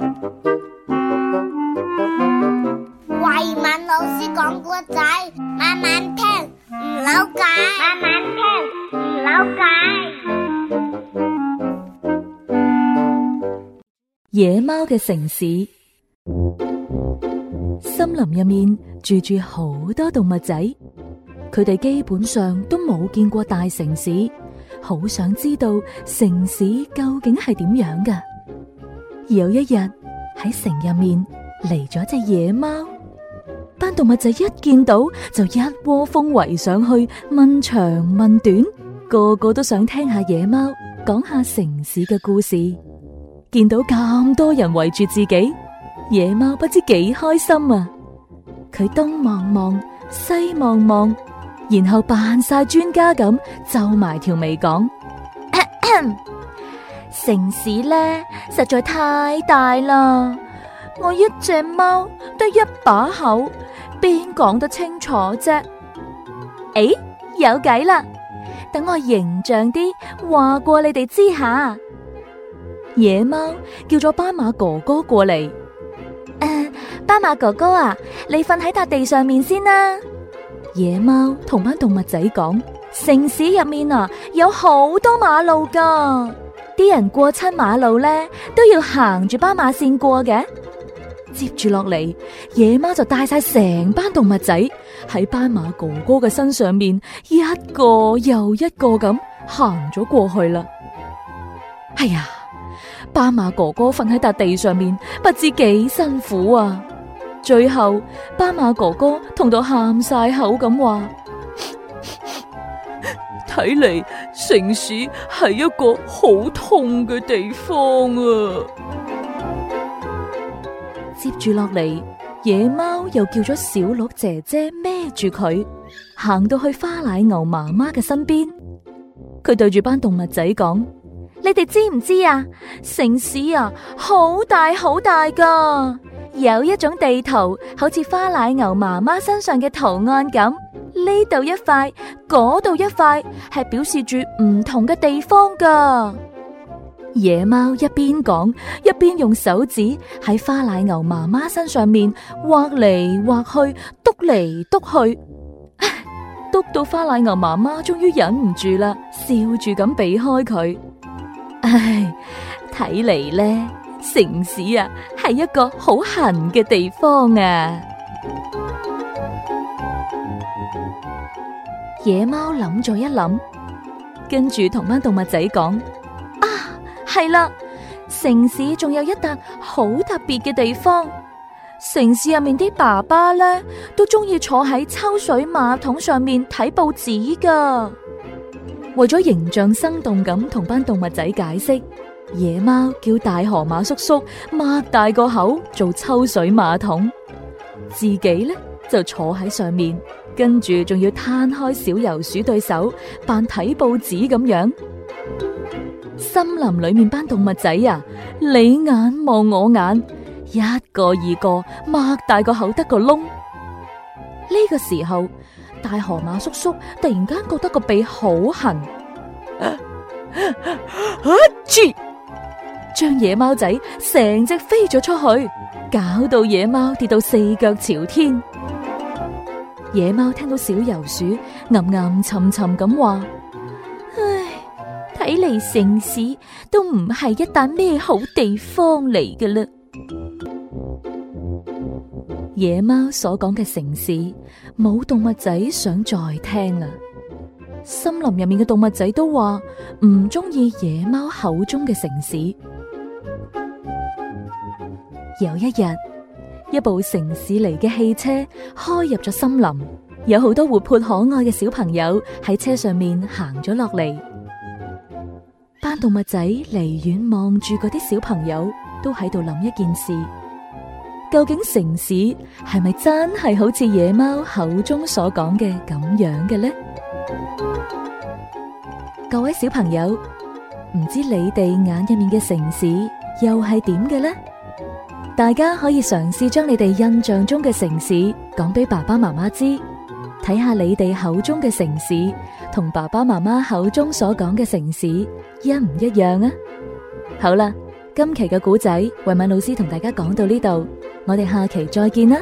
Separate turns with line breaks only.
慧敏老師講古仔，慢慢聽，唔扭計。慢慢聽，唔扭計。野貓嘅城市，森林入面住住好多動物仔，佢哋基本上都冇見過大城市，好想知道城市究竟係點樣㗎。有一日喺城入面嚟咗隻野貓，班動物仔一見到就一窩蜂圍上去問長問短，個個都想聽下野貓講下城市嘅故事。見到咁多人圍住自己，野貓不知幾開心啊！佢東望望，西望望，然後扮晒專家咁，皺埋條眉講。城市咧，實在太大啦，我一隻貓得一把口，邊講得清楚啫？誒，有計啦，等我形象啲話過你哋知下。野貓叫咗斑馬哥哥過嚟，呃，斑馬哥哥啊，你瞓喺笪地上面先啦。野貓同班動物仔講：城市入面啊，有好多馬路噶。啲人過親馬路咧，都要行住斑馬綫過嘅。接住落嚟，野貓就帶晒成班動物仔喺斑馬哥哥嘅身上面，一個又一個咁行咗過去啦。哎呀，斑馬哥哥瞓喺笪地上面，不知幾辛苦啊！最後，斑馬哥哥痛到喊晒口咁話，睇嚟。 城市係一個好痛嘅地方啊！接住落嚟，野貓又叫咗小鹿姐姐孭住佢，行到去花奶牛媽媽嘅身邊。佢對住班動物仔講：你哋知唔知啊？城市啊，好大好大㗎，有一種地圖，好似花奶牛媽媽身上嘅圖案咁。呢度一塊，嗰度一塊，係表示住唔同嘅地方噶。野貓一邊講，一邊用手指喺花奶牛媽媽身上面畫嚟畫去，篤嚟篤去，唉，篤到花奶牛媽媽終於忍唔住啦，笑住咁避開佢。唉，睇嚟呢，城市啊，係一個好痕嘅地方啊。野貓諗咗一諗，跟住同班動物仔講：啊，係啦，城市仲有一笪好特別嘅地方。城市入面啲爸爸咧，都中意坐喺抽水馬桶上面睇報紙噶。為咗形象生動咁，同班動物仔解釋，野貓叫大河馬叔叔擘大個口做抽水馬桶，自己咧就坐喺上面。跟住仲要攤開小游鼠對手，扮睇報紙咁樣。森林裏面班動物仔呀，你眼望我眼，一個二個擘大個口得個窿。呢、這個時候，大河馬叔叔突然間覺得個鼻好痕，哈！ 將野貓仔成隻飛咗出去，搞到野貓跌到四腳朝天。野貓聽到小遊鼠吟吟沉沉咁話：唉，睇嚟城市都唔係一但咩好地方嚟嘅啦。野貓所講嘅城市，冇動物仔想再聽啦。森林入面嘅動物仔都話唔中意野貓口中嘅城市。有一日。一部城市嚟嘅汽車開入咗森林，有好多活潑可愛嘅小朋友喺車上面行咗落嚟。班動物仔離遠望住嗰啲小朋友，都喺度諗一件事，究竟城市係咪真係好似野貓口中所講嘅咁樣嘅呢？各位小朋友，唔知你哋眼入面嘅城市又係點嘅呢？大家可以嘗試將你哋印象中嘅城市講俾爸爸媽媽知，睇下你哋口中嘅城市同爸爸媽媽口中所講嘅城市一唔一樣啊！好啦，今期嘅古仔，慧敏老師同大家講到呢度，我哋下期再見啦！